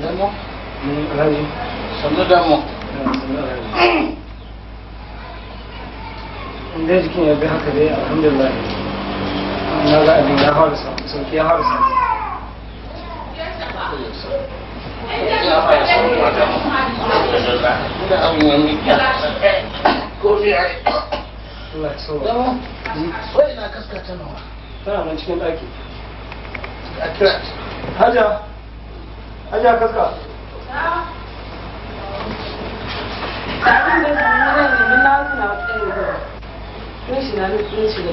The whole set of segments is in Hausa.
دمه من الغني صلى دمه da jikin ya bi haka dai alhamdulillah na ga abin ya harisa sauki ya harisa Allah so. Wai na kaskata nawa. Tana nan cikin ɗaki. Haja. Aja kaska. Abin da ne na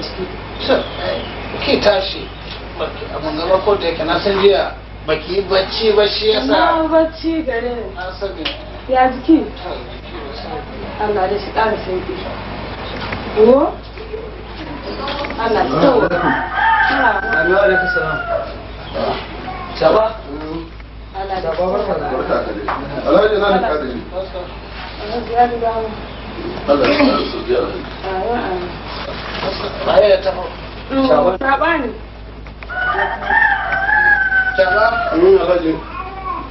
ciki. ki tashi. ko da yake na san jiya baki bacci ba shi yasa. Na bacci gare ni. Na sani. Ya jiki? Allah da shi sauki. Wo? Allah ta Allah. to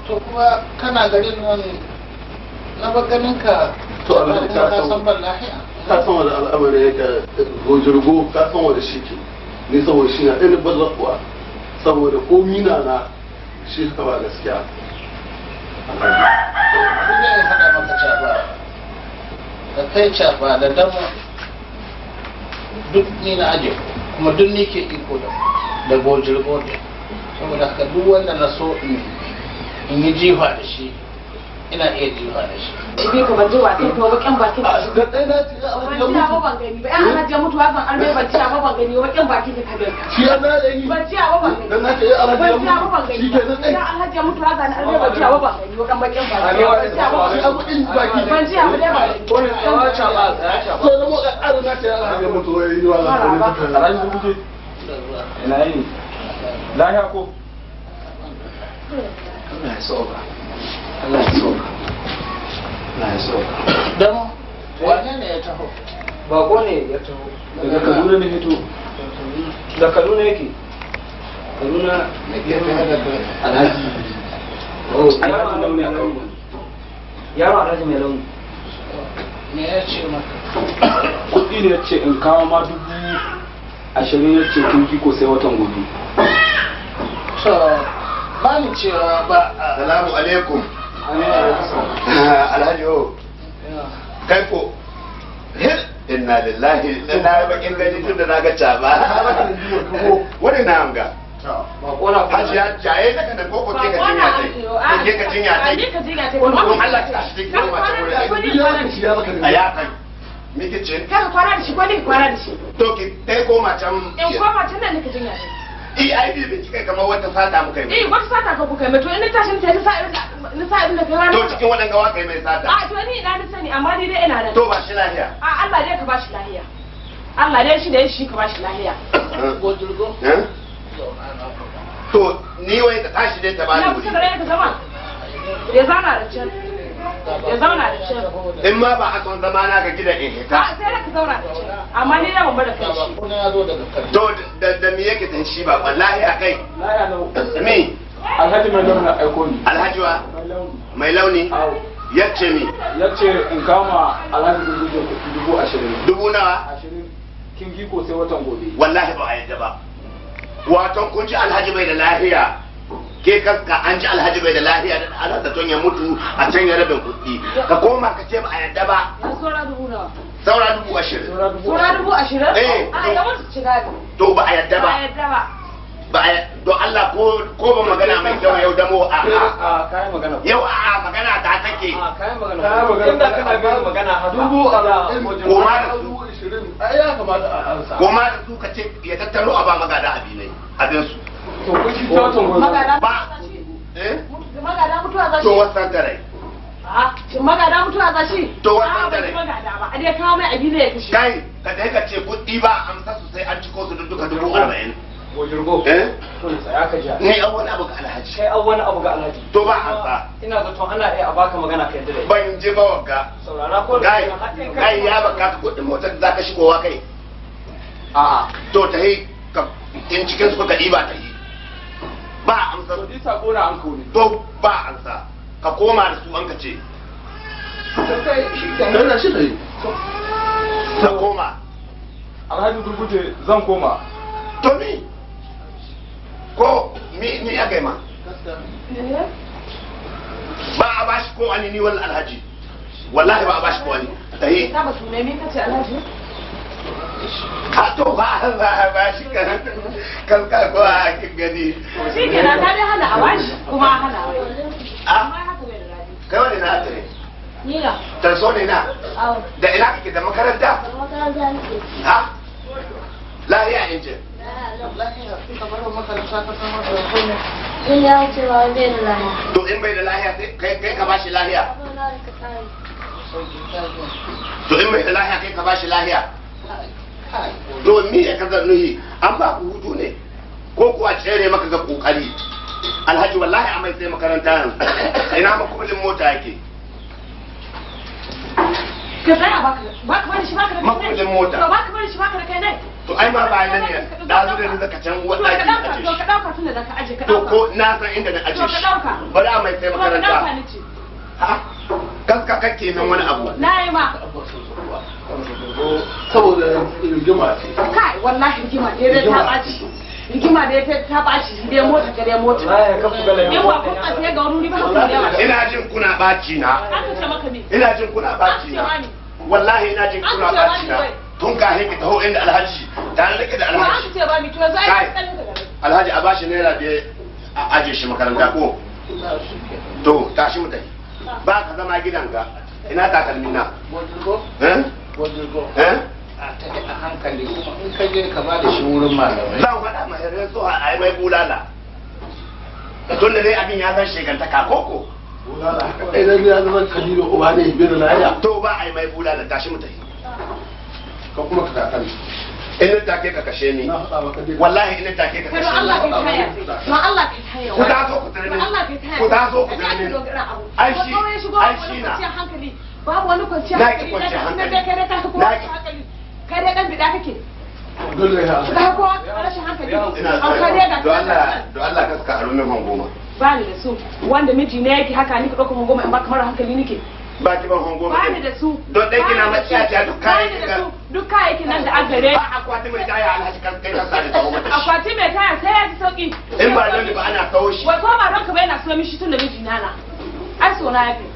kuma kana garin nan na ganin ka to alhaji ka san ban ka san wani al'amari yake gojirgo ka san wani shi ke ni saboda shi na ɗan bazzakuwa saboda komi na na shi ka ba gaskiya maka caba da kai caba da dama duk ni na aje kuma duk ni ke iko da da gojir gojir saboda haka duk wanda na so in yi jifa da shi ina iya jiwa da shi bai ka ban jiwa sai kuma bakin bakin a ga dai na ci a wani ban ba ban gani ba an hana je mutuwa ban arme ban ci ba ban gani ba bakin bakin ka kabe ka ci na da ni ban ci ba ban gani dan na ce a ban ci ba ban gani shi kenan dai an hana je mutuwa ban arme ban ci ba ban gani ba bakin bakin ba ban ci ba ban gani ban ci ba ban gani wannan ya ci ba ya ci ba to mu ga arna ce a ga mutuwa yi wa Allah ran ku ce ina yi lahiya ko Allah ya soba Allah ya so Allah ya so dan wane ne ya taho bako ne ya taho daga Kaduna ne fito da Kaduna yake Kaduna ne ke Alhaji a oh, yaro Alhaji mai launi me ya ce maka ne ya ce in kawo ma dubu ashirin ya ce kin ko sai watan gobe. ba ni cewa ba. Salamu alaikum. alhaji o kai ko inna lillahi na yi bakin gani tun da na ga caba wani na hanga hajji ya jaye daga da koko ke ka jinya dai ke ka jinya dai wani kuma Allah ta shi kuma ta wurin a ya kai me kice kada kwara da shi ko ne kwara da shi to ki dai koma can in koma can nan ne ka jinya eh ai kamar wata sata muka yi eh wata sata ka kuka yi to in tashi ta sa irin sa irin da rana to cikin wadan gawa kai mai sata a ah, to ni ina da sani amma ni dai ina da to ba shi lahiya a ah, Allah dai ka ba shi lahiya Allah dai shi da shi ka ba shi lahiya godurgo eh? to ni wai ta tashi dai ta ba ni ya kusa da ta zama ya zana da can ya zauna da shi in ma ba a zama na ga gidan in hita sai da ka zauna da shi amma ni na bamba da kai shi to da me yake tun shi ba wallahi a kai me alhaji mai launi aiko ni alhaji wa mai launi yace mi yace in kama alhaji dubu ashirin dubu nawa ashirin kin giko sai watan gobe wallahi ba a yadda ba wato kun ji alhaji mai da lahiya ke kanka an ji alhaji bai da lahiya da ala da zaton ya mutu a can ya rabin kuɗi ka koma ka ce ba a yadda ba saura dubu ashirin saura dubu ashirin eh a yawan su shiga to ba a yadda ba ba a yadda don Allah ko ko ba magana mai kyau yau damo a a yau a a magana ta take a kai magana inda kana ga magana dubu ala ko da su ai ya kamata a ansa ko da su ka ce ya tattaro a ba magana abinai abin su to kun ci sautin to wasan garai shin magada mutuwa za shi to wannan dare a dai kawo mai abi zai kashe kai ka dai ka ce kuɗi ba amsa su sai an ciko su duka dubu arba'in Bojirgo. Eh? To ni tsaya ka ja. Ni awwal abu ga Alhaji. Kai awwal abu ga Alhaji. To ba amsa. Ina zato ana iya a baka magana kai dare. Ban je ba wagga. Saurara ko da kai ya baka kuɗin motar da zaka wa kai. A'a. To ta yi in cikin su kuka ɗiba ta yi. ba amsa to anko ne to ba amsa ka koma da su an ka ce kana shi ne ka koma alhaji gurguje zan koma to ni ko mi ni ma ba a bashi ko ani ni wal alhaji wallahi ba a bashi ko ani tayi ba me kace alhaji ka to ba ba ba shi kan kan ka ko a kin gani shi ke na ta hana a bashi kuma a hana a kai wani na ta ne ni ta so ne na da ina kake da makaranta ha lahiya injin da to in bai da lahiya kai ka bashi lahiya to in bai da lahiya kai ka bashi lahiya domin me ya kaza nuhi an ba ku hutu ne ko kuwa tsere maka ga kokari alhaji wallahi amai sai makaranta yanzu ina makullin mota yake ka tsaya baka bari shi baka da kai mota to baka shi baka da kai ne to ai ma ba nan ne da zu da zaka can wanda ake aje to ko na san inda na aje to ka dauka bari amai sai makaranta ha kaska kake nan wani abu na yi ma zo saboda rigima ce kai wallahi rigima ce dai ta ɓaci rigima dai ta ta ɓaci dai mota ta dai mota ne wa kun ka sai ga wuri ba ku ina jin kuna ɓaci na ina jin kuna ɓaci na wallahi ina jin kuna ɓaci na tun ka hiki taho inda alhaji da an rike da alhaji kai alhaji a bashi naira biyar a aje shi makaranta ko to tashi mu tafi ah. ba ka zama gidanka ina takalmina eh eh a hankali kuma in ka je ka ba da shi wurin malamai zan faɗa ma yarda so a yi mai bulala tun da dai abin ya san shegantaka koko ba a yi mai bulala tashi mu tafi ka kuma ka takan in ta ke ka kashe ni wallahi in ta ke ka kashe ni ka ku da zo ku tare ni ku ta zo ku tare ni ai shi ai shi na babu wani kwanciyar hankali na hankali na kai da hankali kai dan bida kake ka ko rashin hankali Allah Allah ka saka aro ba ni da su wanda miji ne yake haka ni ka in ba kamar hankali nake ba ki ban ba ni da su don dai kina mace tsaya ta duk kayan ka nan da agare ba akwati mai taya alhaji kan kai ka da ta gwamnati akwati mai taya sai ya ji sauki in ba don ba ana kawo shi wai ko ba ranka ba yana so mishi tun da miji na na ai so na yafi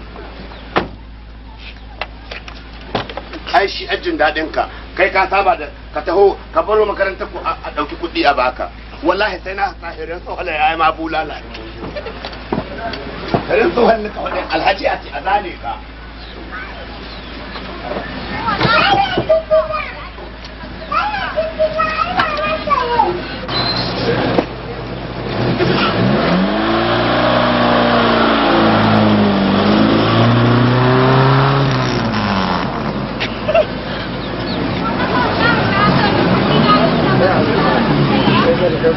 ai shi ajin dadin ka kai ka saba da ka taho ka baro makarantar ku a dauki kudi a baka wallahi sai na tsahirin tsohon wala yayi ma bulala rin tsohon ka wajen alhaji a ce a zane ka Thank you. Ni eh,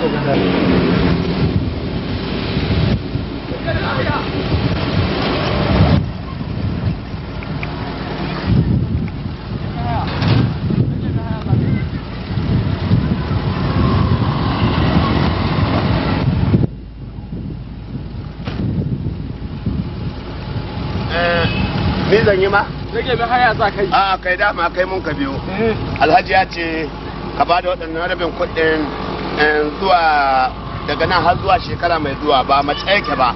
zan yi ma? Nake bi haya za kai. A kai dama kai mun ka biyo. Eh. Alhaji ya ce ka ba da waɗannan rabin kuɗin Eh, zuwa daga nan har zuwa shekara mai zuwa ba mace yake ba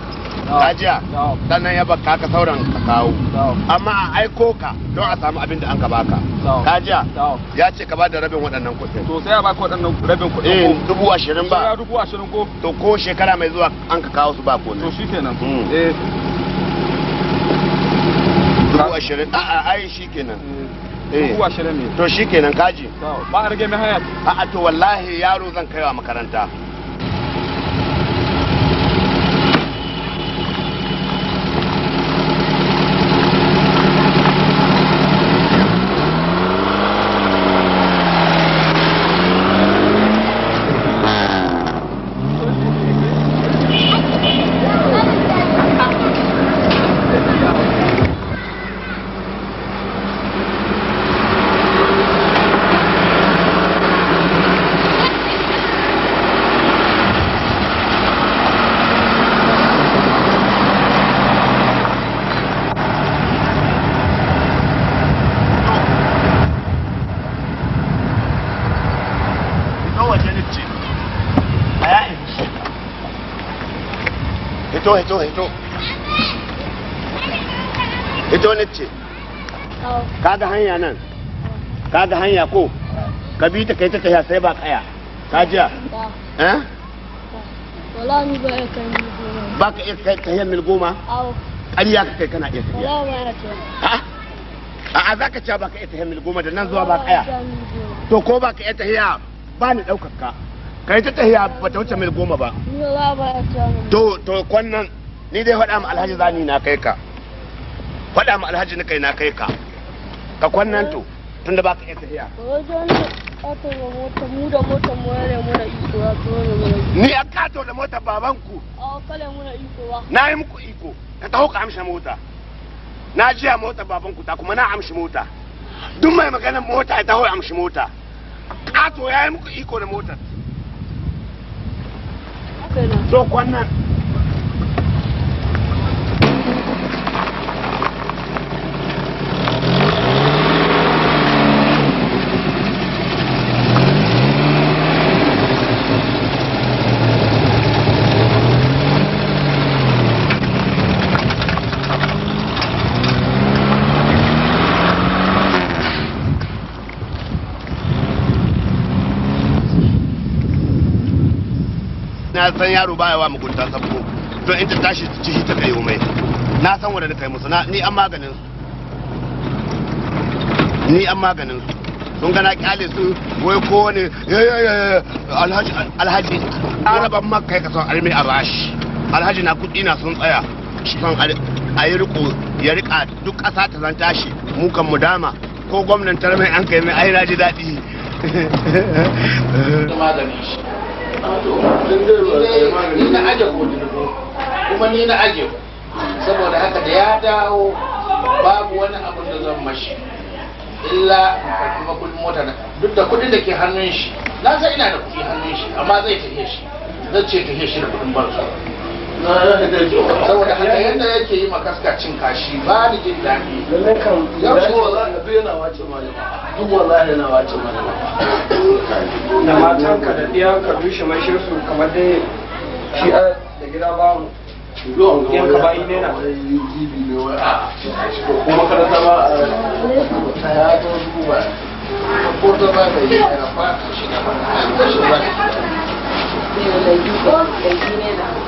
kajiya sannan ya baka ka sauran ka kawo amma a aiko ka don a samu abin da an ka baka kajiya ya ce ka ba da rabin waɗannan kuɗin to sai ya baka waɗannan rabin kuɗin eh dubu ashirin ba dubu ashirin ko to ko shekara mai zuwa an ka kawo su ba ko to shi kenan mm. eh dubu ashirin a'a ai shi kenan eh. Eh. dubu ashirin ne to kenan kaji ba a rage mai haya a to wallahi yaro zan kaiwa makaranta hito hito hito hito ne ce kaga hanya nan ka kaga hanya ko ka bi ta kai ta tafiya sai ba kaya ka jiya eh ba kai ba ka iya kai ta mil goma ya ka kai kana iya tafiya a'a za ka ci ba ka iya ta mil goma da nan zuwa ba kaya to ko ba ka iya ta ba ni ɗaukar ka kai ta tahiya ba ta wuce mil goma ba to to kwannan ni dai faɗa ma alhaji zani na kai ka faɗa ma alhaji na kai na kai ka ka kwannan to tun da baka iya tahiya ni a kato da mota babanku na yi muku iko ka taho ka amshi mota na jiya mota babanku ta kuma na amshi mota duk mai maganin mota ya taho ya amshi mota kato ya yi muku iko da motar 做官呢。na san yaro baya wa mugunta sabko to in ta tashi ci shi ta kai mai na san wanda da kai musu ni an maganin su ni an maganin su sun gana kyale su wai kowane eh, eh, eh, alhaji araban makka ya kasan almi a alhaji na kudi na sun tsaya son a yi riko ya rika duk ƙasa ta zan tashi mukan mu dama ko gwamnan tarmai an kai mai ai raji daɗi shi ni na aje kuma ni na aje saboda haka da ya dawo babu wani abin da zan mashi illa kuma kudin mota na duk da kudin da ke hannun shi na san ina da kudi hannun shi amma zai tafiye shi zai ce tafiye shi da kudin bansu saboda haka yadda yake yi makaska cin kashi ba ni jin daɗi yau shi wallahi wace malama duk wallahi wace malama da matanka da dushe mai shirsu kamar dai shi a da gida babu ɗiyanka bayi ne na ah, ko makaranta ba a ya zo duba ko ta ba da yi a ba ta shiga ba ta ba ta shiga ta ba ba ta ba ta shi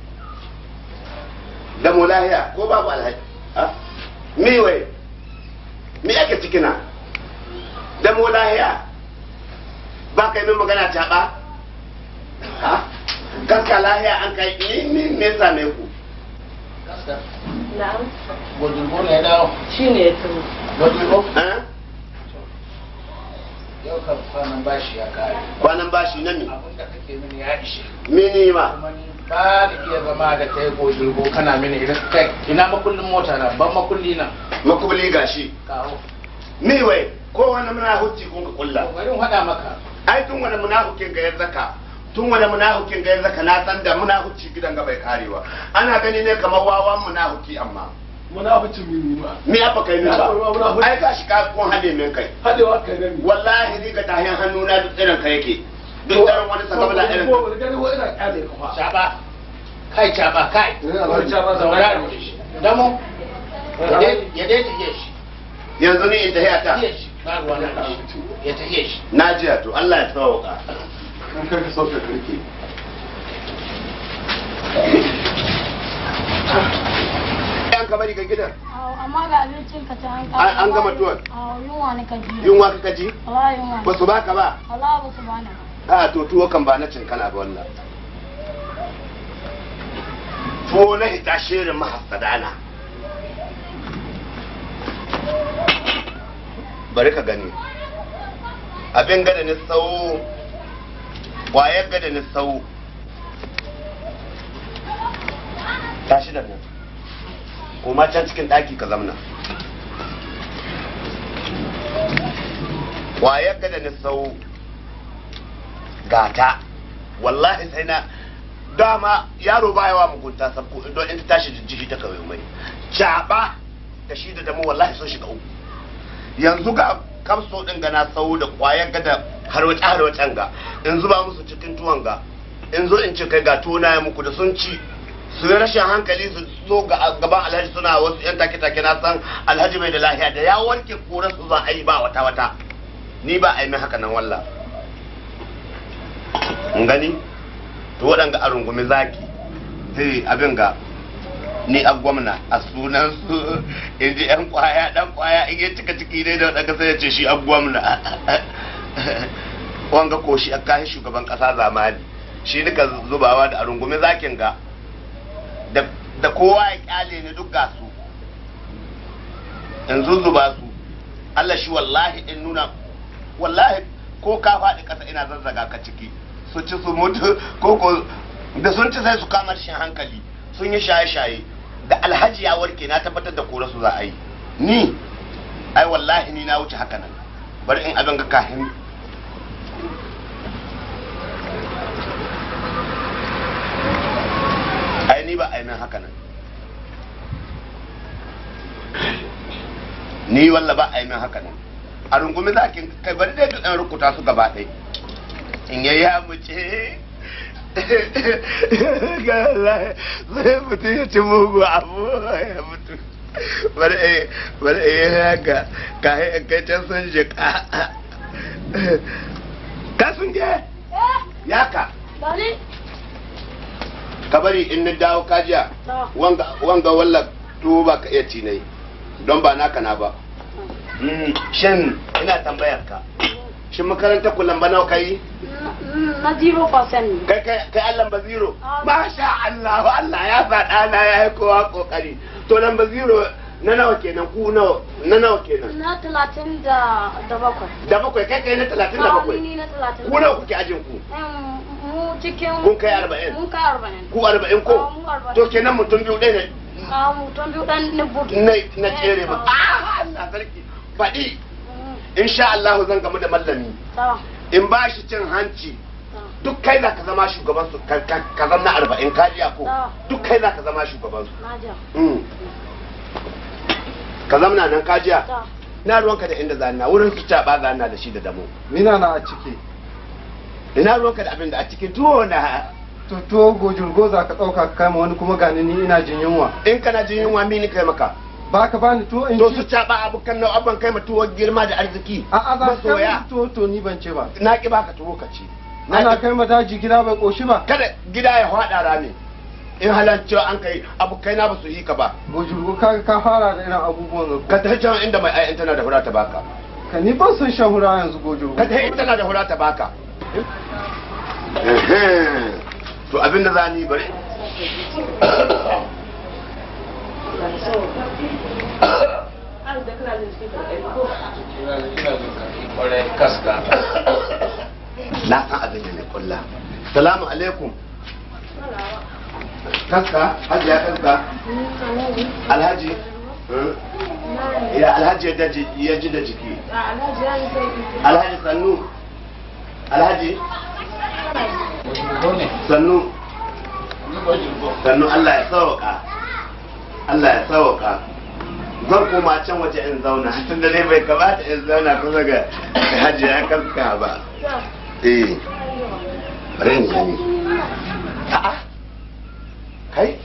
da mu lahiya ko babu alhaji ah, mi wai mi ake cikina da mu lahiya ba ka yi min magana ta ba ah, kaska lahiya an kai yi ni me same ku na'am ne ya dawo shi eh? yau kan kwanan bashi ya kare kwanan bashi na mi da kake mini ya ishe mini ma ba ni iya zama da kai ko ko kana mini irin kai ina makullin mota na ban makulli na makulli gashi kawo ni wai ko wani munafiki kun ka kulla bari hada maka ai tun wani munafikin ga ya zaka tun wani munafikin ga ya zaka na san da munafiki gidan ga bai karewa ana gani ne kamar wawan munafiki amma munaficin min ni ma me ya baka ni ba ai gashi ka kun hade min kai hadewa kai ne wallahi diga tahiyan hannuna duk tsiran ka yake duk daren wani irin kai shaba kai zaura da shi damo ya dai tafiye shi yanzu ni in tafiya ta ya tafiye shi na jiya to Allah ya tsawo ka kan kanka sauka kirki yan ka bari ga gidan amma ga abincin ka ta an gama tuwon yunwa ne ka ji yunwa ka ji ba su ba Allah ba su bana ba a to tuwo kan ba na cinkana ba wannan tuwo na hita shirin mahassadana bari ka gani abin gada ni tsawo kwayar gada ni tsawo tashi da nan kuma can cikin ɗaki ka zamna kwayar gada ni tsawo gata wallahi sai na dama yaro baya wa mugunta sabko don in ta tashi jijjigi ta kawai mai caba ta shi da damu wallahi sun shiga uku yanzu ga kamso din ga na sau da kwayan har wata har wata ga in zuba musu cikin tuwon ga in zo in ce kai ga tuwo na ya muku da sun ci su yi rashin hankali su zo gaban alhaji suna wasu yan take-take na san alhaji mai da lahiya da ya wanke kura su za a yi ba wata-wata ni ba a yi min haka nan wallahi gani to waɗanga a rungumi zaki zai abin ga ni a gwamna a sunan su in ji yan kwaya dan kwaya in yi cika ciki dai da waɗanda sai ya ce shi a gwamna wanga ko shi a kayan shugaban ƙasa zamani shi nika zubawa da a rungumi zakin ga da kowa ya kyale ni duk su, in zuzzuba su Allah shi wallahi in nuna wallahi ko ka faɗi ƙasa ina zazzaga ka ciki su ci su mutu ko da sun ci sai su kamar shin hankali sun yi shaye-shaye da alhaji ya warke na tabbatar da kora su za a yi ni ai wallahi ni na wuce haka nan bari in abin ga kahin ai ni ba yi haka nan ni walla ba yi haka nan a rungumi za a kai bari dai rukuta su gaba ɗaya in ya ya muce ga Allah sai mutu ya ci mugu abu ya mutu bal eh yi haka ka ga kai sun shi ka ka sun je eh. ya ka bari ka bari in ni dawo kajiya wanga walla tuba ka iya ci don ba ka na ba mm. Mm, shin ina tambayar ka shi makaranta ku lamba nawa kai na zero percent kai kai kai Allah ba zero ah. masha Allah Allah ya faɗa na ya yi kowa kokari to lamba zero na nawa kenan ku nawa na nawa kenan na 37 da bakwai kai kai na 37 da ah, bakwai ni na talatin ku nawa kuke ajin ku mu cikin kun kai 40 mun kai 40 ku 40 ko ah, to kenan mutum biyu ɗaya ne a mutum biyu ɗan na bugi na tsere ba a Allah sarki faɗi in sha Allah zan gamu da mallami in ba shi cin hanci duk kai za ka zama shugaban su ka zan na arba'in kajiya ko duk kai za ka zama shugaban su mm. ka zama nan kajiya na ruwanka da inda zanna wurin su caba zanna da shi da damo mina na a ciki ina ruwanka da abin da a ciki tuwo na to tuwo gojurgo za ka ɗauka ka kama wani kuma gani ni ina jin yunwa in kana jin yunwa mini kai maka ba ka bani tuwo in to su caba abukan nau abban kai ma tuwo girma da arziki a a za ka bani tuwo to ni ban ce ba na ki baka tuwo ka ci ana kai ma daji gida bai koshi ba kada gida ya hada rami in halancewa an kai abokai na ba su yi ka ba bujuru ka ka fara da irin abubuwan ka Ka ta can inda mai ayan tana da hura ta baka ka ni ba sun shan hura yanzu gojo ka ta tana da hura ta baka to abinda za ni bari na san abin da na kulla salamu alaikum kaska hajji ya kaska alhaji ya alhaji ya ji da jiki alhaji sannu alhaji sannu sannu allah ya sauka Allah ya sauka zan koma can waje in zauna tun da dai bai kamata in zauna ko ga hajji ya kaska ba eh bari in gani a'a kai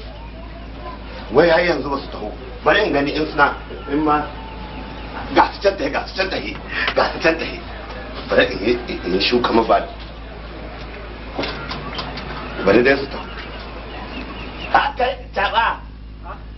wai har yanzu ba su taho bari in gani in suna in ma ga su can tahi ga su can tahi ga su can tahi bari in yi shuka ma ba bari dai su taho a kai taba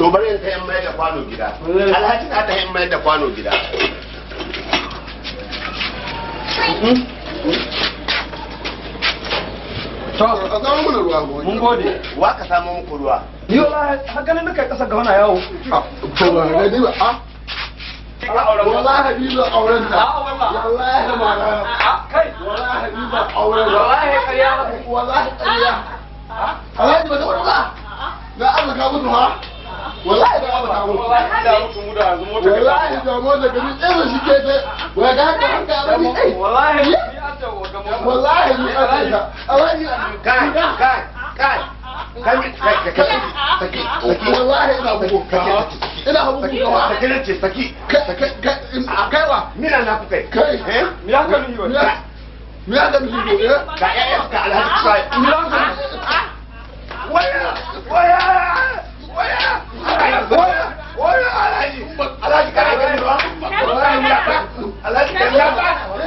to bari in tayin mai da kwano gida alhaji ta tayin mai da kwano gida mm-hmm. to a zama mana ruwa gobe mun gode wa ka samu muku ruwa yo haka ne kasa ga wani yawo ah, to ba ah. ni ba a والله حبيبي اورندا والله ما والله حبيبي اورندا والله قريه والله قريه الحاج ما تقول لا لا كابوس ها wallahi da abu ta mutu da mutu mu yanzu mota wallahi da mota ga ni tsere shi ke ta wai ga haka an ga ni ai wallahi ni an ta wallahi ni an ta wallahi kai kai kai kai kai kai saki saki wallahi ina bugu kake ina hagu saki wa saki ne ce saki saki kai wa mina na ku kai kai eh mina ka ni wa mina ka eh? ka alhaji Alhaji kana gani ba? Alhaji kana gani ba?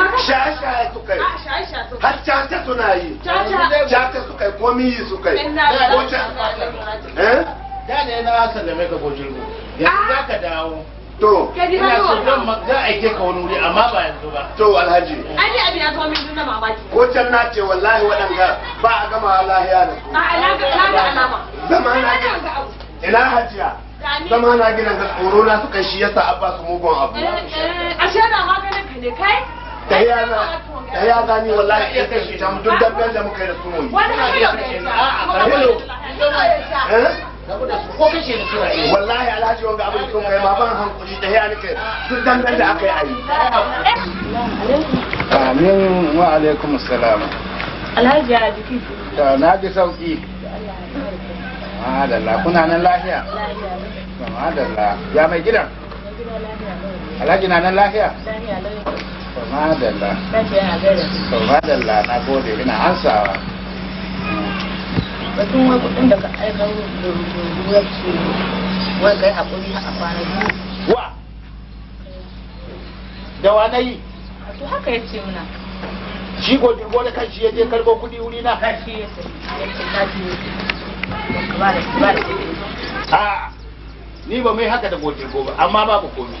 shashaya suka yi har caca suna yi caca suka yi komi yi suka yi da ne na sallame ka gojirgo yanzu za ka dawo to ina so zan za a aike ka wani wuri amma ba yanzu ba to alhaji ai abi na zo min na mamaki ko can na ce wallahi waɗanda ba a gama lahiya da su a alaka alama zama na ina hajiya zama na gidan ga tsoro na suka shi yasa abba su mugun abu eh, eh, a shaida maganin ka ne kai ta ya ni wallahi iya kai shi ta mu duk dabbar da muka yi da su mu wani hanyar da ya wallahi alhaji wanga abin sun kai ma ban hankuri da ya nake duk dangan da aka yi ayi amin wa alaikum salam alhaji ya jiki to na ji sauki madalla kuna nan lafiya madalla ya mai gidan alhaji na nan lafiya Madalla. da yana na gode ina Batun kudin da ka aika kai a kwana biyu. Wa? Da wa na yi? To haka ya ce muna. Shi ko dirgo da kanshi ya je karbo kudi wuri na? Ka shi ya ce na ce ba da ba da A ni ba mai haka da godirgo ba amma babu komai.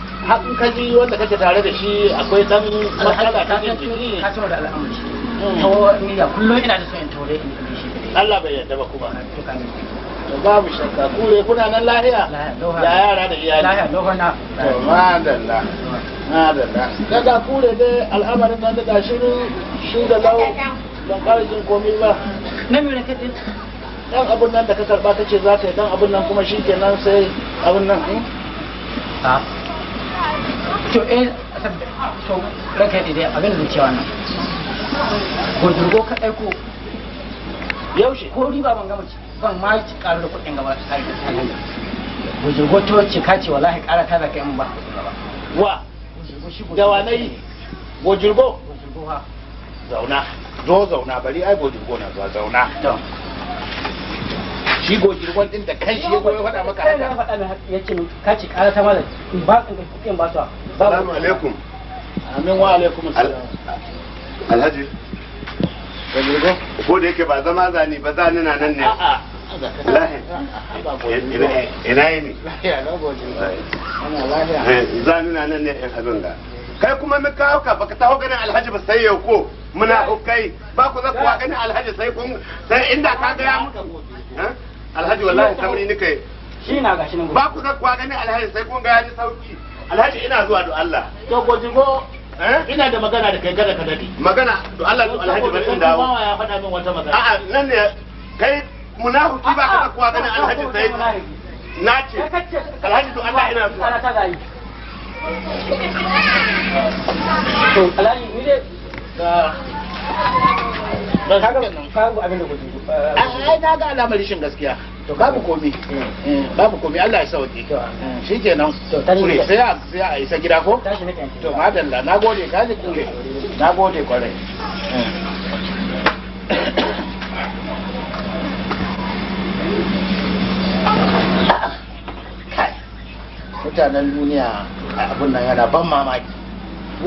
hakan kaji wanda kake tare da shi akwai dan matsala ta jin jiki ka tsoro da al'amari to ni da kullum ina da so in tore in shi Allah bai yarda ba kuma babu shakka kure kuna nan lahiya da yara da iyali lahiya lohana madalla madalla daga kure dai al'amarin nan daga shiru shi da lau ban ƙara jin komai ba na mai rakatin dan abun nan da ka karba kace za ka yi dan abun nan kuma shikenan sai abun nan hmm? a to eh to ranka ya daidai abin da cewa nan gudurgo ka ɗaiko yaushe ko riba ban gama ban ma ci ƙarar kuɗin gaba ta kare gudurgo to ce ka ce wallahi ƙara ta zaka yin ba wa da wa na yi gudurgo gudurgo ha zauna zo zauna bari ai gudurgo na zuwa zauna shi gojirgon din da kanshi ya goyi faɗa maka haka ya ce ka ce ƙara ta malam ba ka kuɗin ba su assalamu alaikum amin wa alaikum assalam alhaji ko da yake ba zama zani ba zani na nan ne ina yi ne zani na nan ne yan eh, abin ga kai kuma mun kawo ka baka taho ganin alhaji ba sai yau ko muna hukai ba ku zakuwa ganin alhaji sai kun sai inda ka ga ya muku eh? alhaji wallahi samri nika yi shi na gashi nan ba ku zakuwa ganin alhaji sai kun ga ya ji sauki alhaji ina zuwa do Allah to gojigo eh? ina da magana da kai kada ka dade magana do Allah zuwa alhaji bari in dawo ya faɗa min wata magana a'a nan ne kai munafiki ba ka kuwa ganin alhaji sai na ce alhaji do Allah ina zuwa to alhaji ni ne ka ga abin da gojigo eh, ai na ga alamar rashin gaskiya to babu komi babu komi Allah ya sauke shi ke nan kure sai a isa gida ko to madalla ka ji kure gode kwarai mutanen duniya abin nan yana ban mamaki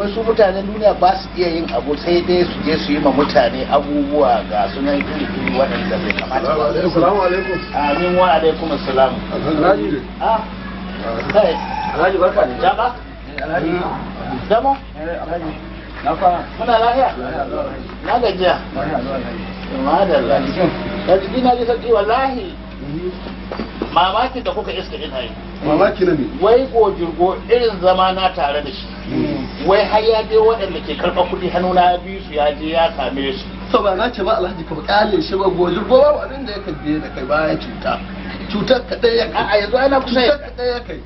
su mutanen duniya ba su iya yin abu sai dai su je su yi ma mutane abubuwa ga sunan iri-iri waɗanda bai kamata ba. Assalamu alaikum. Amin wa alaikum assalam. Alhaji ne. Ah. Kai. Alhaji barka ne. Alhaji. Eh, Alhaji. Na fara. Muna lafiya? Na gajiya. na Mamaki da kuka iska ina yi mamaki na ne wai gojirgo irin zama na tare da shi hmm. wai har ya je waɗanda ke karɓa kuɗi hannu na biyu su ya je ya same su to ba na ce ba alhaji ka kyale shi ba gojirgo ba abin da ya kaje da kai ba ya cuta cutar kaɗai ya kai a yanzu ana kusa cutar kaɗai ya kai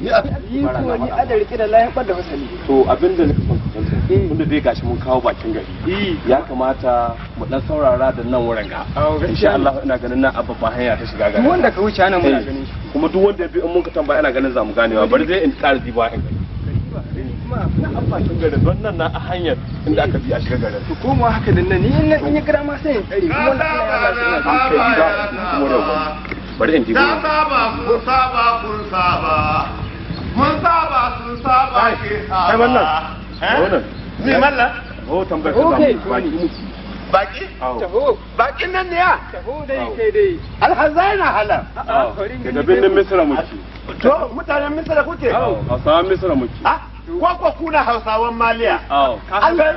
ni a ni a da rike da layan ɓadda wasani to abin da nake son kusantar eh. da dai gashi mun kawo bakin gari eh. ya kamata mu dan saurara da nan wurin ga insha Allah ina ganin nan abba ba hanya ta shiga gari wanda ka wuce nan muna eh. ganin kuma duk wanda bi in mun ka tambaya ina ganin za mu ganewa bari dai in ƙara diba in na amfakin garin don nan na a hanyar inda aka bi a shiga garin to koma haka din nan ni in ya gara ma sai in tsare kuma wannan ya ba su na kai kuma rawa bari in diba saba kun saba kun saba mun saba sun saba ke saba wannan eh? wannan oh baki baki nan ne ya taho dai na halar daga birnin to mutanen kuke ah, kuna hausawan maliya Allah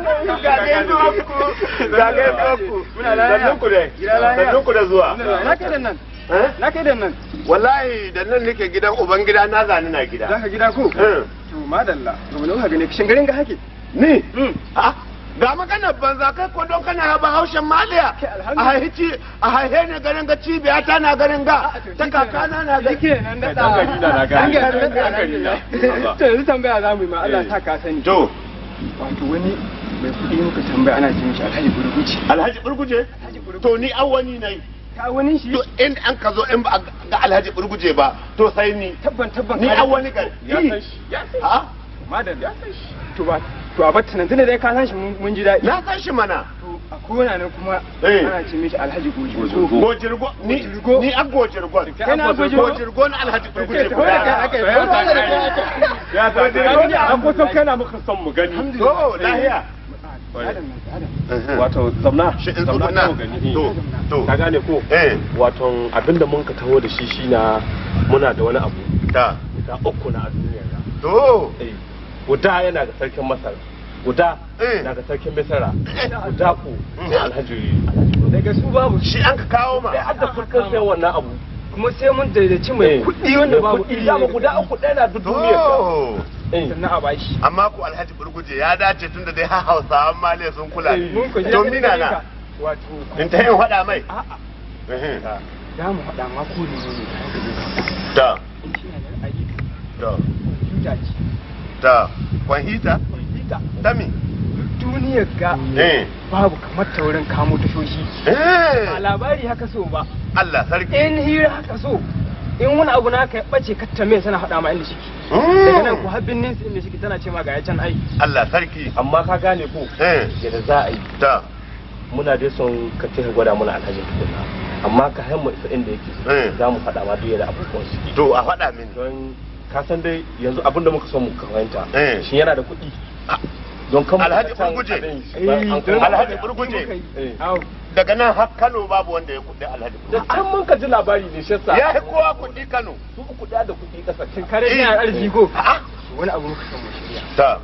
ku ku muna lafiya da zuwa na nan Eh? na kai da nan wallahi da nan nake gidan uban gida na zani na gida zaka gida ko eh. to madalla ga mun ga ne kishin garin ga hake ni hmm. Ha? ga maganar banza kai ko don kana ba haushen maliya a haihici a haihe ne garin ga cibiya ta na garin ga ta kakana na ga ke nan da ta gari na gari na gari na to yanzu tambaya za mu yi ma eh. Allah ta ka sani to wato wani mai kuɗi muka tambaya ana jin shi alhaji burguje alhaji burguje to ni awwani yi. wani shi to in an ka zo in ba ga alhaji burguje ba to sai ni tabban tabban ni an wani gari ya san eh. shi ya san shi madan ya san shi to ba to a batta nan tunda dai ka san shi mun ji daɗi na san shi mana to akwai wani nan kuma eh. ana ce mishi alhaji gojirgo gojirgo ni ni an gojirgo kana gojirgo na alhaji burguje ko da kai yi. ya shi ya ta ko kana muka son mu gani to lahiya wato zamna zamna ta to ka gane ko eh. wato abinda mun ka taho da shi shi na muna da wani abu da da uku na duniya to eh. guda yana da sarkin masar guda eh. na ga sarkin guda alhaji daga su babu shi an ka kawo ma da adda furkan sai wannan abu kuma sai mun daidaici mai kuɗi wanda babu illa guda uku ɗaya na duniya Eh. sannan a bashi amma ku alhaji burguje ya dace tun da dai ha an male sun kula eh, don mina na in ta yin faɗa mai eh, za mu faɗa ma ko ne ne ta ta kwamfuta ta kwamfuta ta mi duniyar ga babu kamar taurin kamo tashoshi a labari haka so ba Allah sarki in hira haka so in wani abu na kai bace ka tame sana faɗa ma inda shiki daga nan ku habbin ninsa inda shiki tana ce ma ga yacan ai Allah sarki amma ka gane ko eh. da za a yi da muna dai son ka ce ka gwada muna alhajin tukunna amma ka hayan mu isa inda yake eh. za mu faɗa ma duk yadda abubuwan su to a faɗa min don ka san dai yanzu abin da muka so mu fahimta eh. shi yana da kuɗi ah. don kan alhaji burguje alhaji burguje daga nan har Kano babu wanda ya kudi alhaji da can mun ka ji labari ne shi yasa ya yi kowa kudi Kano su kudi da kudi kasa. kin kare ne a arzigo eh. a'a ah. wani abu ka san mu shirya ta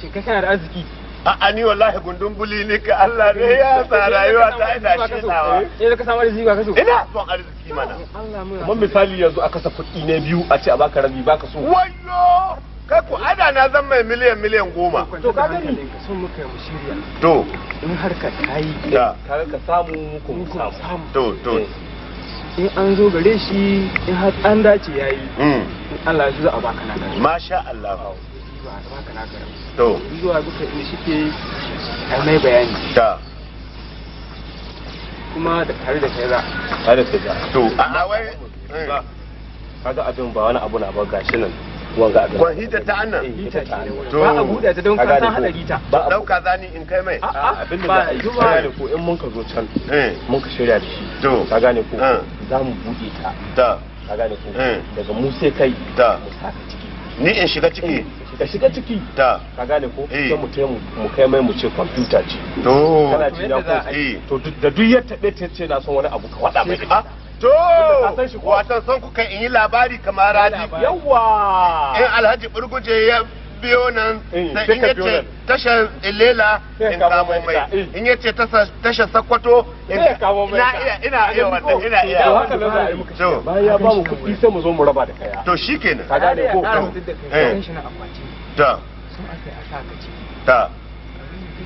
shin kai kana da arziki a'a ah, ah, ni wallahi gundun buli ne ka Allah ne ya sa eh, eh, rayuwa ta ina shinawa eh ka samu arziki ba ka so ina son arziki mana Allah mun misali yanzu a kasa kudi ne biyu a ce a baka rabi baka so wallo kaku ada na zan mai miliyan miliyan goma to ka gani sun muka mu shirya to in har ka kai da ka ka samu ku samu to to eh. in an zo gare shi in har an dace yayi mm. in Allah ya za a baka na gari masha Allah ba baka na gari to zuwa buka in shike ai mai bayani da kuma da tare da kai za tare da kai za to a wai eh. kaga abin ba wani abu na ba gashi nan wanga abin kwan hita ta annan eh, hita ta annan to ba a buɗe ta don ka san hadari ta ba dauka zani in kai mai ah, abin da ba shirya da ko in mun ka zo can eh. mun ka shirya da shi to ka gane ko eh. za mu buɗe ta da ka gane ko daga mu sai kai da mu saka ciki ni in shiga ciki ka shiga ciki da ka gane ko sai mu taimu mu kai mai mu ce kwamfuta ce to kana ji na ko to da duk yadda tabe ta ce na son wani abu ka wada mai a ah. to wasan son kuka in yi labari kamar radi yawa in alhaji burguje ya biyo nan eh, sai in ce tashar ilela in kamo mai in ce tashar sakwato in kamo mai ina iya wannan ina iya haka nan za a yi muka to bayan ya ba mu kuɗi sai mu zo mu raba da kaya to shikenan ka gane ko ko eh ta sun aka yi aka ta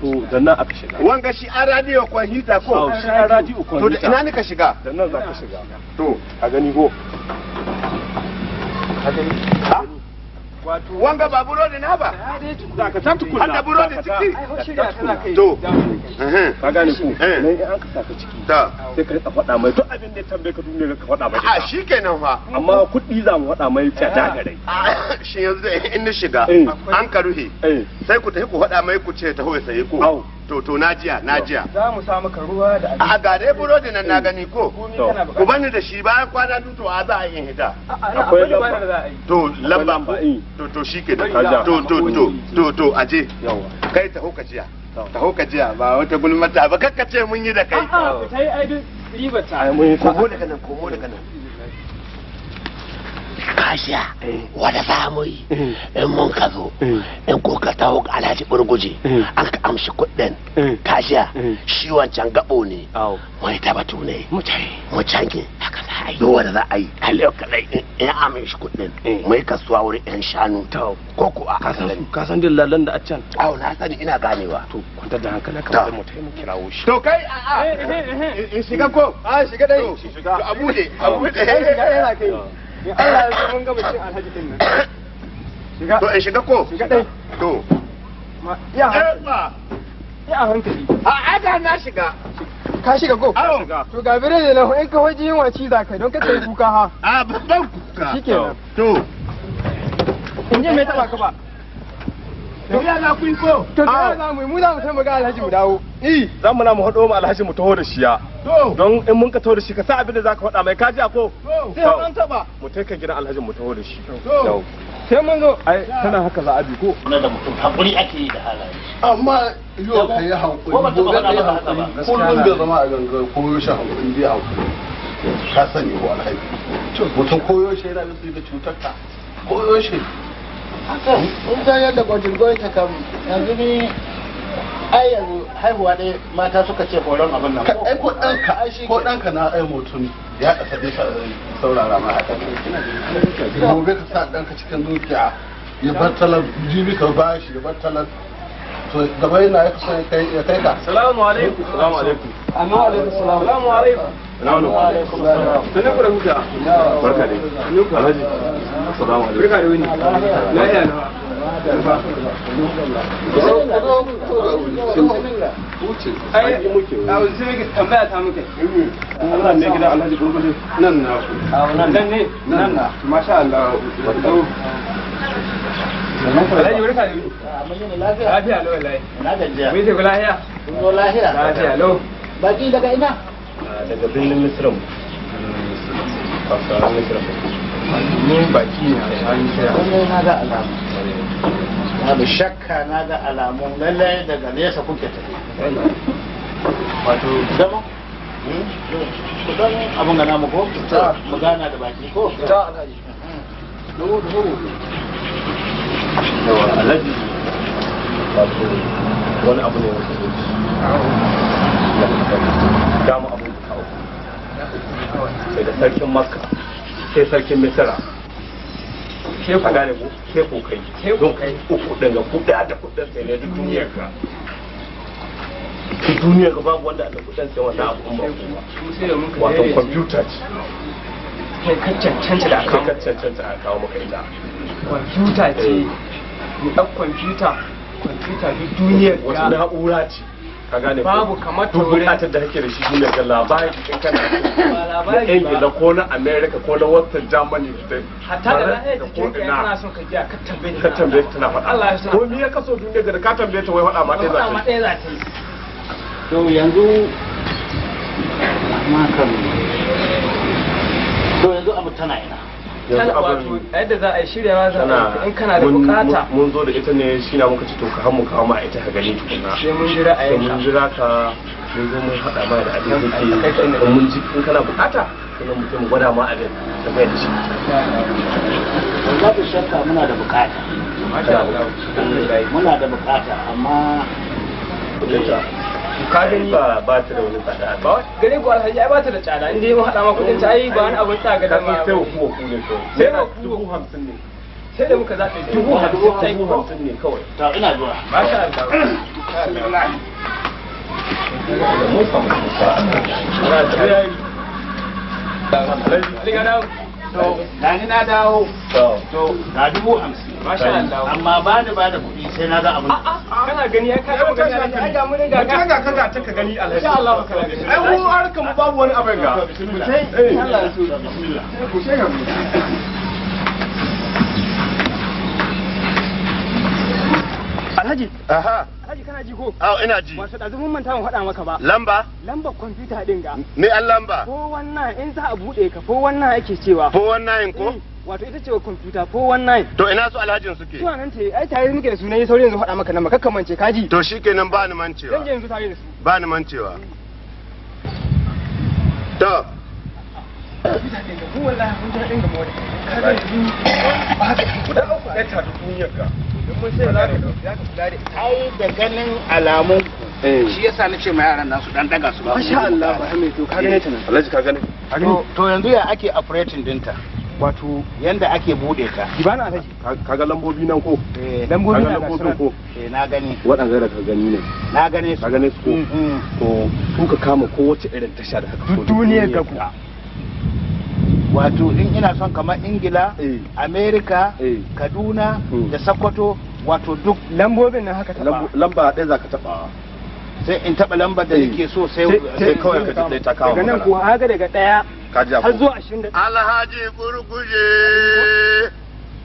to da nan aka shiga wanga shi a radio hita ko shi a radio hita to da ina ne ka shiga da nan za ka shiga to a gani go a gani wanga ba burodi na ba da ka san tukunna hadda burodi ciki to ka gane ku eh in an ka saka ciki ta sai ka faɗa mai to abin da tambaye ka duniya ka faɗa mai a shikenan fa amma kuɗi za mu faɗa mai ta tsada gare shi yanzu in ni shiga eh. an ka ruhe eh. sai ku tafi ku faɗa mai ku ce ta hoye sai ku to to najiya najiya za mu sa maka ruwa da a ga dai burodi nan na gani ko eh, ku bani da shi bayan kwana biyu to a za a yi hita akwai lamba to lamba to to shike da to to to to to aje kai ta hoka jiya ta hoka jiya ba wata gulmata ba kakkace mun yi da kai a ta yi aidin riba ta mun yi komo daga nan komo daga nan kashiya eh. wanda za mu eh. in mun ka zo eh. in ko ka taho alhaji burguje an ka amshi kuɗin kashiya shi wancan gabo ne mai tabatu ne mu canke duk wanda za a yi halil kadai in amin shi kuɗin mai kasuwa wurin yan shanu ko ko a kasan ka san din lallan da a can awo na sani ina ganewa to kwantar da hankalin ka mu taimu kirawo shi to kai a a shiga ko a shiga dai shiga abu ne abu ne yana kai in Allah ya mun gaba cin alhaji din nan shiga to in shiga ko shiga to ma ya ya hankali a na shiga ka shiga ko to ga bire ne na in ka waje yin waci za don ka kuka ha a kuka to in taba ka ba to ya za ku yi ko to ah. za mu mu za mu sai mu ga alhaji mu dawo eh za mu na mu hado mu alhaji mu taho da shi ya don in mun ka taho da shi ka sa abin da zaka faɗa mai kaji ko sai an taba mu kai ka gidan alhaji mu taho da shi sai mun zo ai tana haka za abi ko na da mutum hakuri ake yi da halaye amma yau kai ya hakuri gobe kai ya hakuri kullum bai zama a gangan koyo shi hakuri bai hakuri ka sani ko alhaji mutum koyo shi yana da cutar ta koyo shi haka mun san yadda gwajirgon ta kam yanzu ni ai yanzu haihuwa ɗaya mata suka ce horon abin nan ai ko ɗanka ko ɗanka na ai mutum ya kasa dai eh, saurara ma haka gobe ka sa ɗanka cikin dukiya ya bar talar jibi ka ba shi ya bar talar to gaba yana ya kusa ya kai ka salamu alaikum salamu alaikum amma alaikum salamu salamu alaikum salamu alaikum السلام عليكم لا يا Alhaji wuri ka yi. Lafiya lau wallahi. Na gajiya. Mun ce ku lafiya. Mun zo lafiya. Lafiya lau. Baki daga ina? Daga birnin Misra. Kasuwar Misra. ni baki ne na ga alamu babu shakka na ga alamun lallai daga nesa kuke tafi wato zama hmm? abin gana mu ko mu gana da baki ko ta alhaji yawa alhaji wato wani abu ne wasu zuci kama abin da kawo sai da sarkin makka sai sarkin misira ke ku gane ku ke ku kai ke ku kai uku daga kuɗa da kudin sai ne duniyar ka duk duniyar ka babu wanda da kudin sai wannan abu ba wato computer ce kai ka cancanta da aka ka cancanta a kawo maka ita computer ce ni dan computer computer duk duniyar ka wasu na'ura ce ka gane babu kamar duk bukatar da kake da shi shine ga labari in kana na Ingila ko na America ko na Western Germany da hatta da da ko ina son ka ji ka tambaye ka tambaye tana faɗa Allah ya sa ko ni ya kaso duniya ka tambaye ta wai faɗa ma ɗaya za ta yi to yanzu ma kan to yanzu abu tana ina yadda za a yi shirya ma za in kana da bukata mun zo da ita ne shi na muka ci to ka hamu kawo ma ita ka gani tukuna sai mun jira a yanka mun jira ka mun zo mun hada ma da abin da ke in mun ji in kana bukata sannan mu mu gwada ma abin da mai da shi babu shakka muna da bukata eh, muna da bukata amma ka gani ba ba da wani tsada ba gare ku alhaji ai ba ta da tsada ma kudin ta ai ba wani sai ku ku ne to sai ku ne sai da muka dubu ne kawai to gani na dawo to ga dubu hamsin masha Allah amma ba da ba da kuɗi sai na ga abin kana gani ai ka ga gani ai ga mun ga ka ga ka ga ta ka gani alhaji insha Allah ka gani ai mu harkan babu wani abin ga bismillah eh. Allah bismillah ku sai ga Alhaji aha Haji kana ji ko? Aw ina ji. Wato da zumun manta mun faɗa maka ba. Lamba? Lamba kwamfuta din ga. Me an lamba? Ko wannan in za a bude ka ko wannan ake cewa. Ko wannan eh, ko? Wato ita ce kwamfuta ko wannan. To ina su alhajin suke? Suna nan te ai tare muke da su ne sauri yanzu faɗa maka nan ba kakka mance ka ji. To shikenan ba ni mancewa. Zan je yanzu tare da su. Ba ni mancewa. To. mu da ya da ganin alamun shi yasa nace ma yaran nasu dan daga su ba masha Allah ba mai to ka ga ta nan Alhaji ka gani to yanzu ya ake operating dinta wato yanda ake bude ta ba na lambobi nan ko lambobi na lambobi ko na gani waɗanda da ka gani ne na gane su ka gane su ko to ka kama kowace irin tasha da haka duniyar ka ku wato in ina son kamar ingila eh. amerika eh. kaduna hmm. da sakwato wato duk lambobin na haka taba lamba ɗaya za ka taba sai in taba lambar da eh. nake so sai kawai ka tsaye ta kawo daga nan ko haka daga ɗaya har zuwa ashirin da alhaji gurguje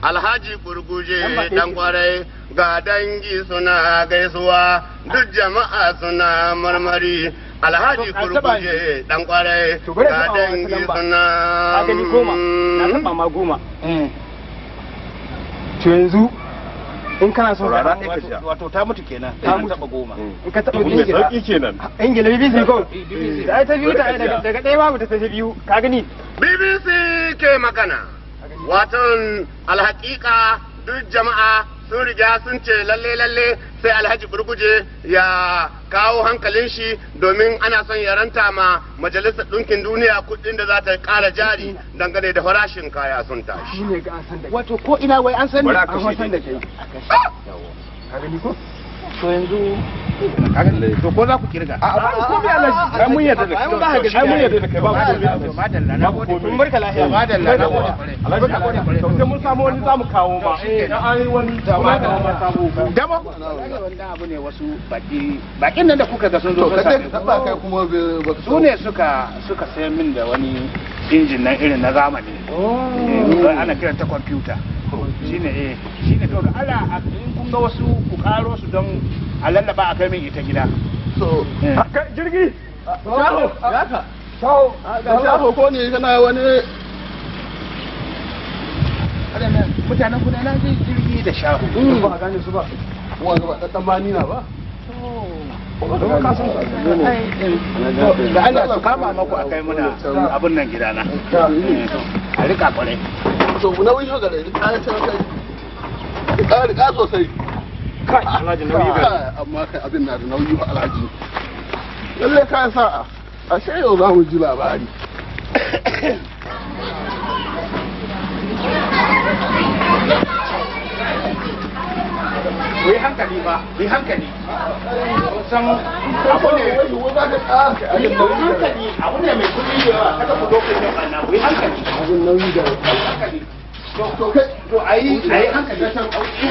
alhaji burguje dan kwarai ga dangi suna gaisuwa duk jama'a suna marmari alhaji burguje dan kwarai ga dangi suna goma mm. eh. to yanzu in kana so ka wato ta mutu kenan ta mutu ba goma mm. in ka taɓa ingila sauƙi kenan in gele bibi sai ko da ta biyu ta daga ɗaya babu ta ta biyu ka gani bibi sai ke magana watan alhaƙiƙa duk jama'a sun riga sun ce lalle lalle sai alhaji burguje ya kawo hankalin shi domin ana son ya ranta ma majalisar ɗinkin duniya kuɗin da za ta ƙara jari dangane da farashin kaya sun tashi wato ko ina wai an san da an san da ke. ko za ku kirga a ba ku bi alaji ai mun yarda da kai ai mun yarda kai ba ku madalla na gode mun barka lafiya madalla na gode alaji na gode to sai mun samu wani zamu kawo ba na eh, ai wani da ma da ma samu da ba ku wanda abu ne wasu baki bakin nan da kuka ga sun zo kai kuma su ne suka suka sayar min da wani injin nan irin na zamani oh. eh, ana kiran ta kwamfuta shine eh shine to ga ala in kun ga wasu ku karo su don a lallaba a kai min ita gida so eh. jirgi shaho yaka shaho ga shaho ko ne kana wani mutanen kuna na jirgi da shaho hmm. ba a gane su ba wanda ba ta tsammani na ba da Allah su kama maku a kai muna abin nan a rika kwarai to na wuce ga da ƙara ta kai k'a rika sosai kai alhaji nauyi ba amma kai abin na da nauyi ba alhaji lalle ka sa a sai yau za mu ji labari Thank you. ku yi hankali ba ku yi hankali san abu ne ne mai kudi da yawa kada ku doke ne ku yi hankali abu nauyi da to a yi a hankali a hankali a yi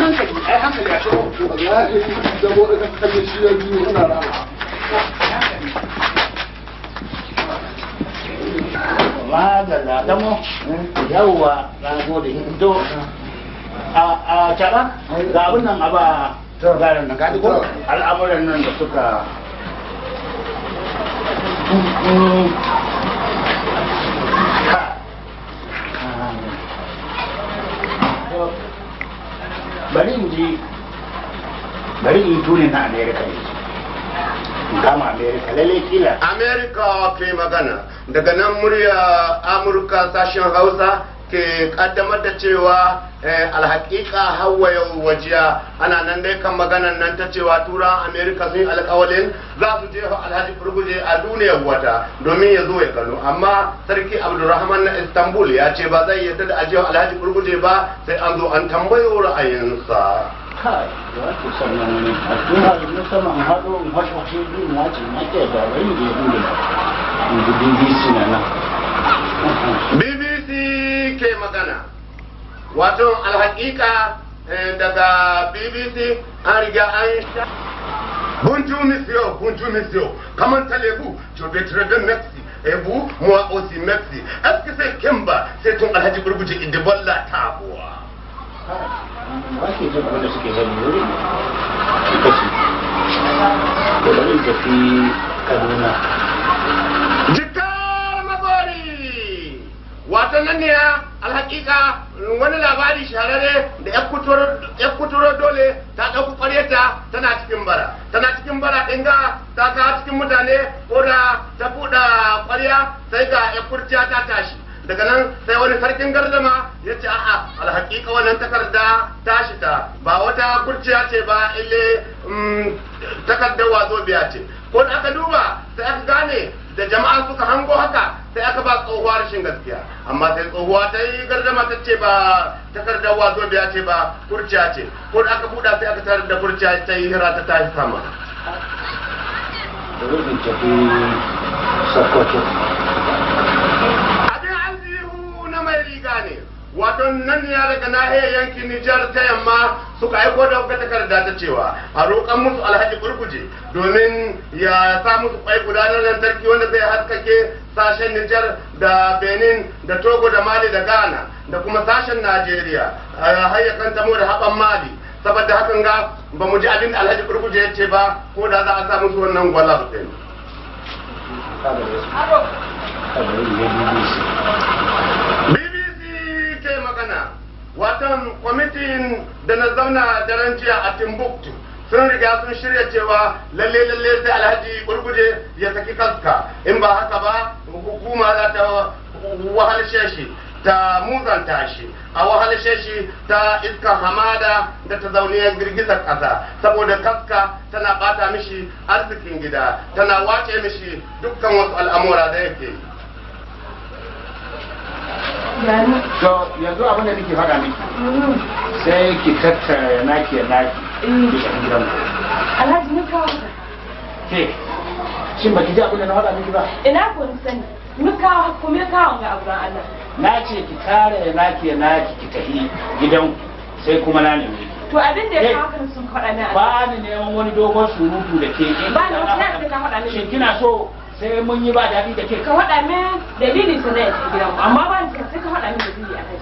hankali a cikin ya ce shi da bude ka kalle shi ya biyu ina rama Madalla, damo, yawwa, na gode, hindo, a caba ga abin nan a ba garin nan kaji ko al'amuran nan da suka bari in ji bari in tuni na amerika ne kama amerika lalle kila amerika ke magana daga nan murya amurka sashen hausa ke kaddamar da cewa eh, alhaƙiƙa hawa yau wajiya ana nan dai kan maganan nan ta cewa turan amerika sun yi alƙawalin za su jefa alhaji furguje a duniyar wata domin ya zo ya gano amma sarki abdulrahman na istanbul ya ce ba zai yarda da jefa alhaji furguje ba sai an zo an tambayo ra'ayinsa bbc ke magana wato alhaƙiƙa eh, daga bbc an riga an sha bonjour misiyo bonjour misiyo kamar talebu vous je vais très bien merci et vous moi aussi merci est-ce que c'est Kemba c'est ton alhaji burbuji idiballa tabuwa jika wato nan ne ya alhakika wani labari shahararre da ya kuturo dole ta ɗauki ƙwaryarta tana cikin bara tana cikin bara ɗin ga ta kawo cikin mutane ko da ta buɗa ƙwarya sai ga ya kurciya ta tashi daga nan sai wani sarkin garzama ya ce a'a alhakika wannan takarda tashi ta ba wata kurciya ce ba ille mm, takardar wazo biya ce ko da aka duba sai aka gane da jama'a suka hango haka sai aka ba tsohuwa rashin gaskiya amma sai tsohuwa ta yi gardama ta ce ba takardar wazo ya ce ba kurciya ce ko da aka buɗa sai aka tare da kurciya ta yi hira ta tafi sama abin alzihu na mai riga ne wato nan ya daga nahiyar yankin Nijar ta yamma suka aiko da wata takarda ta cewa a roƙan musu alhaji burguje domin ya sa musu kwai gudanar lantarki wanda zai haskake sashen Nijar da Benin da Togo da Mali da Ghana da kuma sashen Najeriya har ya kantamo da haɓan Mali saboda hakan ga ba mu ji abin alhaji burguje ya ce ba ko da za a sa musu wannan gwala su watan kwamitin da na zauna daren jiya a timbuktu sun riga sun shirya cewa lalle lalle sai alhaji gurguje ya saki kaska in ba haka ba hukuma za ta wahalshe shi ta muzanta shi a wahalshe shi ta iska hamada da ta ya girgizar kasa saboda kaska tana bata mishi arzikin gida tana wace mishi dukkan wasu al'amura da yake yi to yanzu abin da nake faɗa miki mm-hmm. sai ki tattara naki ya naki mm. ki tafi gidan ku alhaji ni kawo ke shin baki ji abin da na faɗa miki ba ina ko ni sani ni kawo ko me kawo ga auren Allah na ce ki kare ya naki ya naki ki tafi gidan sai kuma na nemi to abin da ya kawo sun faɗa ni ba ni neman wani dogon surutu da ke ba ni wasu na da na faɗa miki shin kina so sai mun yi ba daɗi da ke ka faɗa min dalilin su na ya gidan mu amma ban ka sai ka faɗa min dalili a kai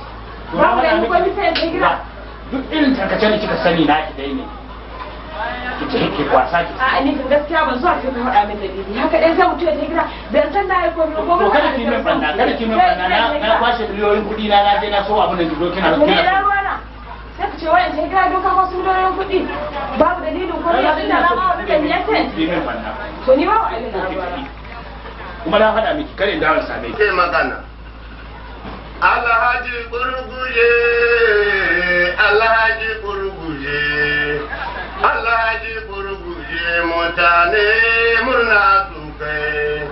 ba ku da komai sai ya gidan duk irin tarkace da kika sani na ki dai ne ki ce ki kwasa ki a ni kan gaskiya ban zuwa sai ka faɗa min dalili haka dai sai mutum ya je gida dan san da ya komai ko ba kada ki min banda kada ki min banda na na kwashe biliyoyin kuɗi na na je na so abin da ki zo kina kina sai ka ce wayan sai ka doka wasu miliyoyin kuɗi babu dalilin ko ne abin da na ma wani da ya ce to ni ba wa abin da kuma na faɗa miki kare dawo same ki magana Alhaji gurguje Alhaji gurguje Alhaji gurguje mutane murna su kai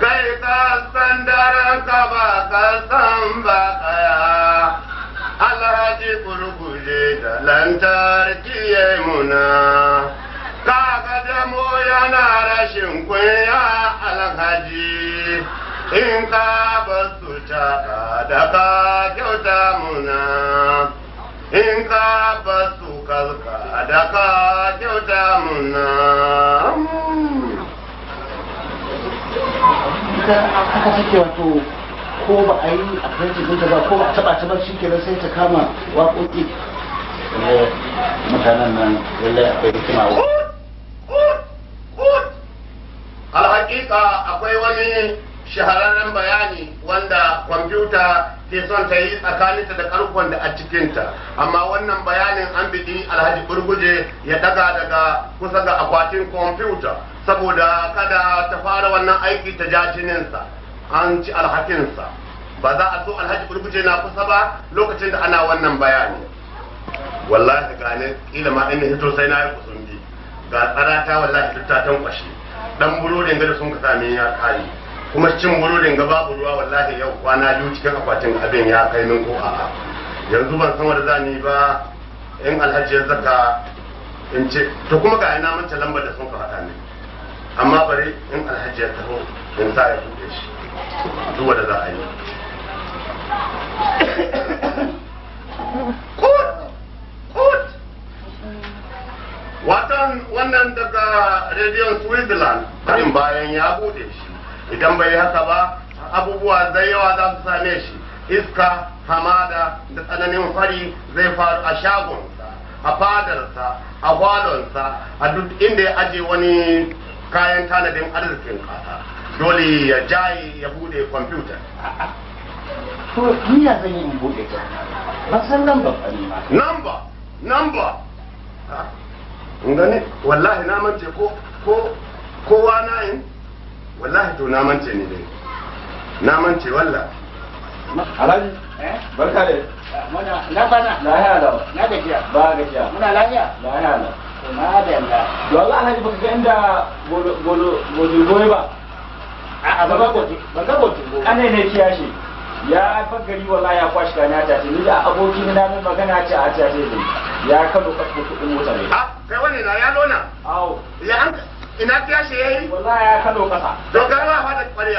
kai ka san daren ka ba ka san ba kaya Alhaji gurguje da lantarki ya muna kaga damo yana rashin kunya alhaji in ka basu taɓa da ka kyauta muna in ka basu kalka da ka kyauta muna aka take wato ko ba a yi a kwanci ɗinta ba ko ba a taɓa ta ba shi kenan sai ta kama waƙoƙi mutanen nan lallai akwai hikima wa alhakika akwai wani shahararren bayani wanda kwamfuta ke son ta yi tsakaninta da karkon da a cikinta amma wannan bayanin an biɗi alhaji burguje ya daga daga kusa ga akwatin kwamfuta saboda kada ta fara wannan aiki ta jajininsa an ci alhakinsa ba za a so alhaji burguje na kusa ba lokacin da ana wannan bayani wallahi gane kila ma ina hito sai na yi kusun ga tsara ta wallahi duk ta tankwashe dan burodin ga da sun ka same ya kai kuma cin burodin ga babu ruwa wallahi yau kwana biyu cikin akwatin abin ya kai min ko a'a yanzu ban san wanda zani ba in alhaji ya zaka in ce to kuma ga ina ta lambar da sun ka faɗa ne amma bari in alhaji ya taho in sa ya buɗe shi duk wanda za a yi watan wannan daga rediyon switzerland karin bayan ya bude shi idan bai haka ba abubuwa zai yawa za su same shi iska hamada da tsananin fari zai faru a shagonsa a fadarsa a hwalonsa a duk inda ya aje wani kayan tanadin arzikin kasa dole ya jaye ya bude kwamfuta to ni ya zan yi bude ba san ba namba namba in gane wallahi na mance ko ko kowa na yin wallahi to na mance ne dai na mance walla alhaji eh? barka da muna na bana ya da na gajiya ba gajiya muna la ya lau kuma da yanda yalla alhaji baka ga inda golo bolo bolo ba a ba ba ko ba ka ko ana ne shi ya bagari wallahi ya kwashi kana ta ce ni da aboki na mun magana ce a ta ce ya kado kasko kudin mota ne a kai wani na ya lona awo ya an ina kiyashi yayi wallahi ya kado kasa dogarwa fa da kwariya